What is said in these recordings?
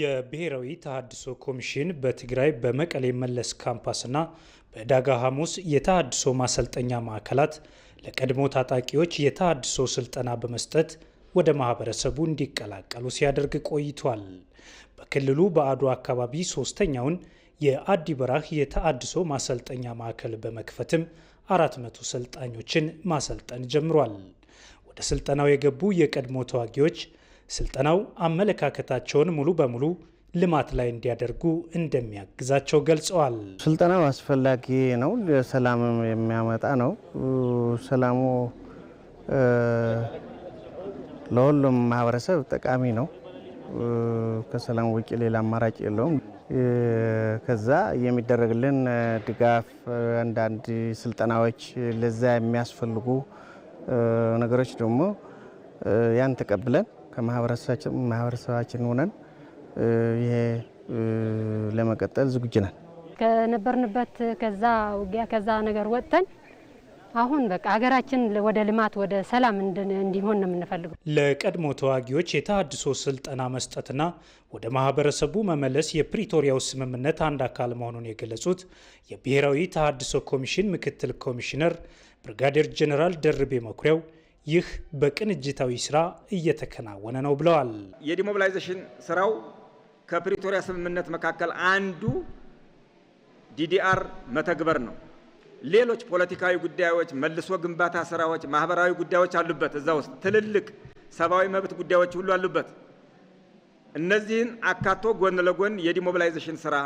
የብሔራዊ ተሃድሶ ኮሚሽን በትግራይ በመቀሌ መለስ ካምፓስና በዳጋ ሐሙስ የተሃድሶ ማሰልጠኛ ማዕከላት ለቀድሞ ታጣቂዎች የተሃድሶ ስልጠና በመስጠት ወደ ማህበረሰቡ እንዲቀላቀሉ ሲያደርግ ቆይቷል። በክልሉ በአድዋ አካባቢ ሶስተኛውን የአዲ በራህ የተሃድሶ ማሰልጠኛ ማዕከል በመክፈትም አራት መቶ ሰልጣኞችን ማሰልጠን ጀምሯል። ወደ ስልጠናው የገቡ የቀድሞ ተዋጊዎች ስልጠናው አመለካከታቸውን ሙሉ በሙሉ ልማት ላይ እንዲያደርጉ እንደሚያግዛቸው ገልጸዋል። ስልጠናው አስፈላጊ ነው፣ ለሰላም የሚያመጣ ነው። ሰላሙ ለሁሉም ማህበረሰብ ጠቃሚ ነው። ከሰላም ውጭ ሌላ አማራጭ የለውም። ከዛ የሚደረግልን ድጋፍ አንዳንድ ስልጠናዎች ለዛ የሚያስፈልጉ ነገሮች ደግሞ ያን ተቀብለን ከማህበረሰባችን ሆነን ይሄ ለመቀጠል ዝግጁ ነን። ከነበርንበት ከዛ ውጊያ ከዛ ነገር ወጥተን አሁን በቃ ሀገራችን ወደ ልማት ወደ ሰላም እንዲሆን ነው የምንፈልገው። ለቀድሞ ተዋጊዎች የተሃድሶ ስልጠና መስጠትና ወደ ማህበረሰቡ መመለስ የፕሪቶሪያው ስምምነት አንድ አካል መሆኑን የገለጹት የብሔራዊ ተሃድሶ ኮሚሽን ምክትል ኮሚሽነር ብርጋዴር ጀኔራል ደርቤ መኩሪያው ይህ በቅንጅታዊ ስራ እየተከናወነ ነው ብለዋል። የዲሞቢላይዜሽን ስራው ከፕሪቶሪያ ስምምነት መካከል አንዱ ዲዲአር መተግበር ነው። ሌሎች ፖለቲካዊ ጉዳዮች፣ መልሶ ግንባታ ስራዎች፣ ማህበራዊ ጉዳዮች አሉበት። እዛ ውስጥ ትልልቅ ሰብአዊ መብት ጉዳዮች ሁሉ አሉበት። እነዚህን አካቶ ጎን ለጎን የዲሞቢላይዜሽን ስራ፣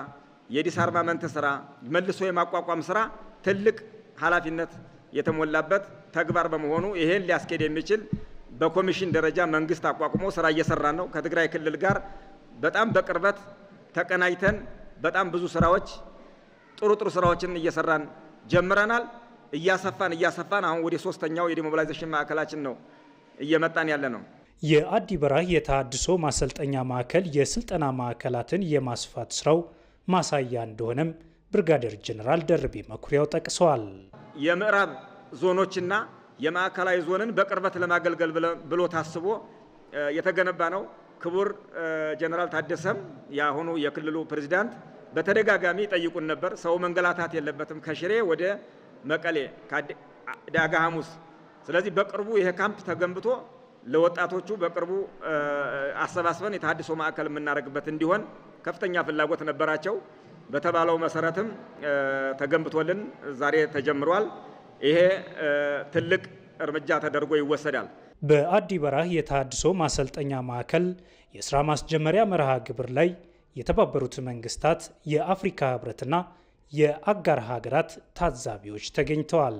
የዲስአርማመንት ስራ፣ መልሶ የማቋቋም ስራ ትልቅ ኃላፊነት የተሞላበት ተግባር በመሆኑ ይሄን ሊያስኬድ የሚችል በኮሚሽን ደረጃ መንግስት አቋቁሞ ስራ እየሰራ ነው። ከትግራይ ክልል ጋር በጣም በቅርበት ተቀናጅተን በጣም ብዙ ስራዎች ጥሩ ጥሩ ስራዎችን እየሰራን ጀምረናል። እያሰፋን እያሰፋን አሁን ወደ ሶስተኛው የዲሞቢላይዜሽን ማዕከላችን ነው እየመጣን ያለ ነው። የአዲ በራህ የተሃድሶ ማሰልጠኛ ማዕከል የስልጠና ማዕከላትን የማስፋት ስራው ማሳያ እንደሆነም ብርጋዴር ጀኔራል ደርቤ መኩሪያው ጠቅሰዋል። የምዕራብ ዞኖችና የማዕከላዊ ዞንን በቅርበት ለማገልገል ብሎ ታስቦ የተገነባ ነው። ክቡር ጀነራል ታደሰም የአሁኑ የክልሉ ፕሬዚዳንት በተደጋጋሚ ጠይቁን ነበር። ሰው መንገላታት የለበትም ከሽሬ ወደ መቀሌ ዳጋ ሐሙስ። ስለዚህ በቅርቡ ይሄ ካምፕ ተገንብቶ ለወጣቶቹ በቅርቡ አሰባስበን የተሃድሶ ማዕከል የምናደርግበት እንዲሆን ከፍተኛ ፍላጎት ነበራቸው። በተባለው መሰረትም ተገንብቶልን ዛሬ ተጀምሯል። ይሄ ትልቅ እርምጃ ተደርጎ ይወሰዳል። በአዲ በራህ የተሃድሶ ማሰልጠኛ ማዕከል የስራ ማስጀመሪያ መርሃ ግብር ላይ የተባበሩት መንግስታት የአፍሪካ ህብረትና የአጋር ሀገራት ታዛቢዎች ተገኝተዋል።